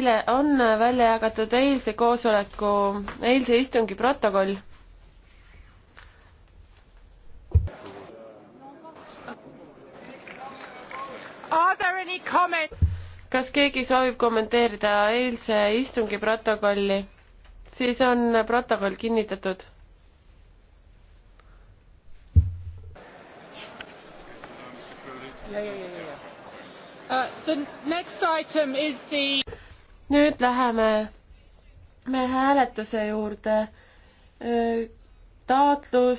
kõigile on välja jagatud eilse koosoleku, eilse istungi protokoll kas keegi soovib kommenteerida eilse istungi protokolli? siis on protokoll kinnitatud. Uh, the next item is the nüüd läheme me hääletuse juurde. Äh, taotlus